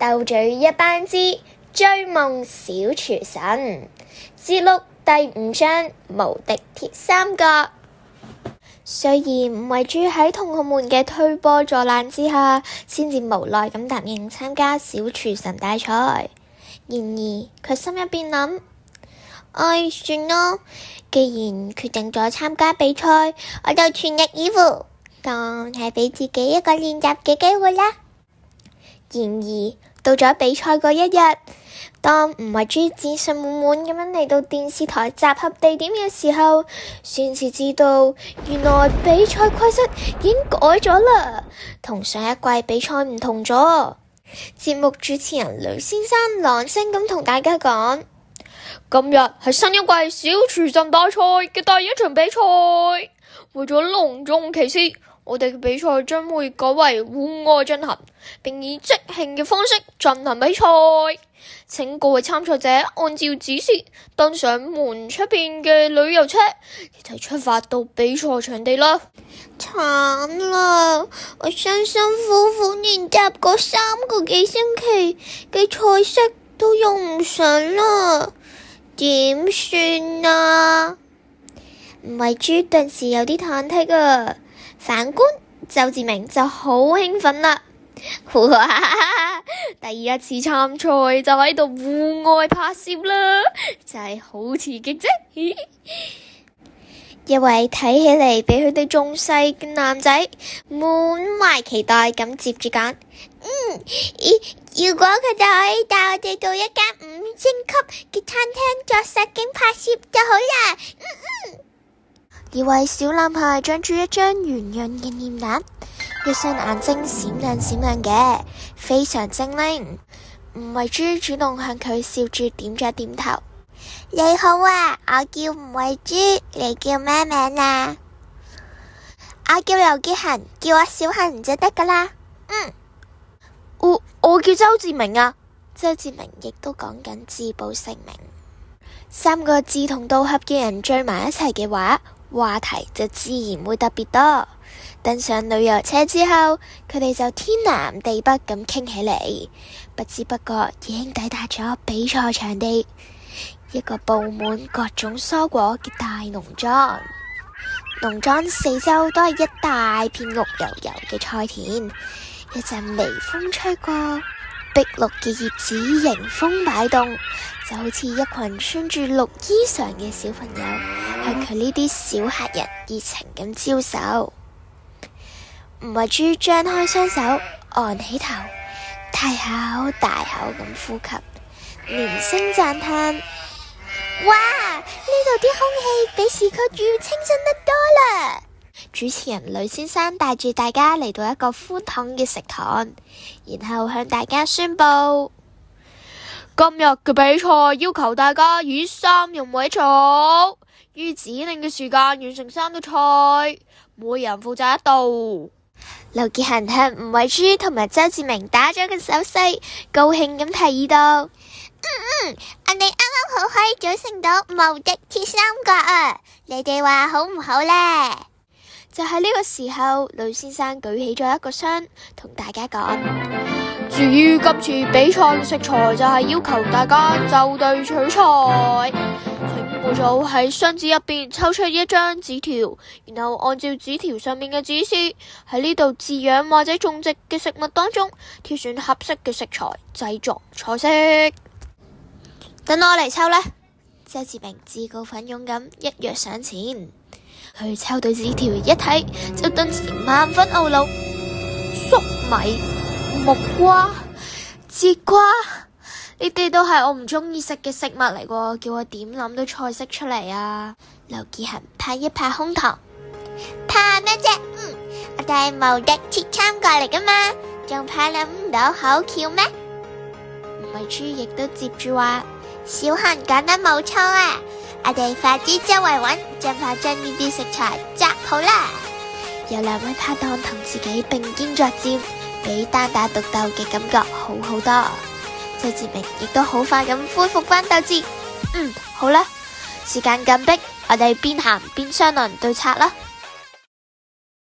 鬥嘴一班之追夢小廚神，節錄第五章無敵鐵三角。 雖然吳慧珠喺同學們嘅推波助瀾之下，先至無奈咁答應參加小廚神大賽。然而佢心入邊諗：唉、哎，算啦，既然決定咗參加比賽，我就全力以赴，當係畀自己一個練習嘅機會啦。然而。到咗比賽嗰一日，當吳慧珠自信滿滿咁樣嚟到電視台集合地點嘅時候，算是知道原來比賽規則已經改咗啦，同上一季比賽唔同咗。節目主持人呂先生朗聲咁同大家講：「今日係新一季小廚神大賽嘅第一場比賽，為咗隆重其事。」我哋嘅比賽將會改為戶外進行，並以即興嘅方式進行比賽。請各位參賽者按照指示登上門出面嘅旅遊車，就出發到比賽場地啦。慘啦！我辛辛苦苦練習嗰三個幾星期嘅菜式都用唔上啦，點算啊？米豬頓時有啲忐忑㗎。反觀周志明就好興奮啦，第一次參賽就喺度戶外拍攝啦，就係好刺激啫！ 一位睇起嚟，比佢哋仲細嘅男仔滿懷期待咁接住講：嗯，咦，如果佢哋可以帶我哋到一間五星級嘅餐廳作實景拍攝就好啦。而位小男孩長住一張圓潤嘅臉蛋，一雙眼睛閃亮閃亮嘅，非常精靈。吳慧珠主動向佢笑住點咗點頭。你好啊，我叫吳慧珠，你叫咩名啊？我叫劉杰恒，叫我小恒就得噶啦。嗯，我我叫周志明啊。周志明亦都講緊自報姓名。三個志同道合嘅人聚埋一齊嘅話，話題就自然會特別多。登上旅遊車之後，佢哋就天南地北咁傾起嚟，不知不覺已經抵達咗比賽場地——一個布滿各種蔬果嘅大農莊。農莊四周都係一大片綠油油嘅菜田，一陣微風吹過，碧綠嘅葉子迎風擺動，就好似一群穿住綠衣裳嘅小朋友。佢呢啲小客人熱情咁招手，吳慧珠張開雙手，昂起頭，大口大口咁呼吸，連聲讚嘆：哇！呢度啲空氣比市區要清新得多啦！主持人呂先生帶住大家嚟到一個寬敞嘅食堂，然後向大家宣布：今日嘅比賽要求大家以三人為一組。於指定嘅時間完成三個菜，每人負責一道。劉杰恆向吳慧珠同埋周志明打咗個手勢，高興咁提議道：「嗯嗯，我哋啱啱好可以組成到無敵鐵三角啊！你哋話好唔好呢？」就喺呢個時候，呂先生舉起咗一個箱，同大家講：「至於今次比賽嘅食材，就係要求大家就地取材。」我早喺箱子入邊抽出一張紙條，然後按照紙條上面嘅指示，喺呢度飼養或者種植嘅食物當中挑選合適嘅食材製作菜式。等我嚟抽呢，周志明自告奮勇咁一躍上前，佢抽到紙條一睇，就頓時萬分懊惱：粟米、木瓜、節瓜。呢啲都係我唔中意食嘅食物嚟噶，叫我點諗到菜式出嚟啊？劉杰恆拍一拍胸膛，怕咩啫？嗯，我哋係無敵鐵三角嚟噶嘛，仲怕諗唔到好橋咩唔係豬亦都接住話，小恒講得冇錯啊！我哋快啲周圍揾，盡快將呢啲食材執好啦。有兩位拍檔同自己並肩作戰，比單打獨鬥嘅感覺好好多。謝志明亦都好快咁恢復翻鬥志，嗯，好啦，時間緊迫，我哋邊行邊商量對策啦。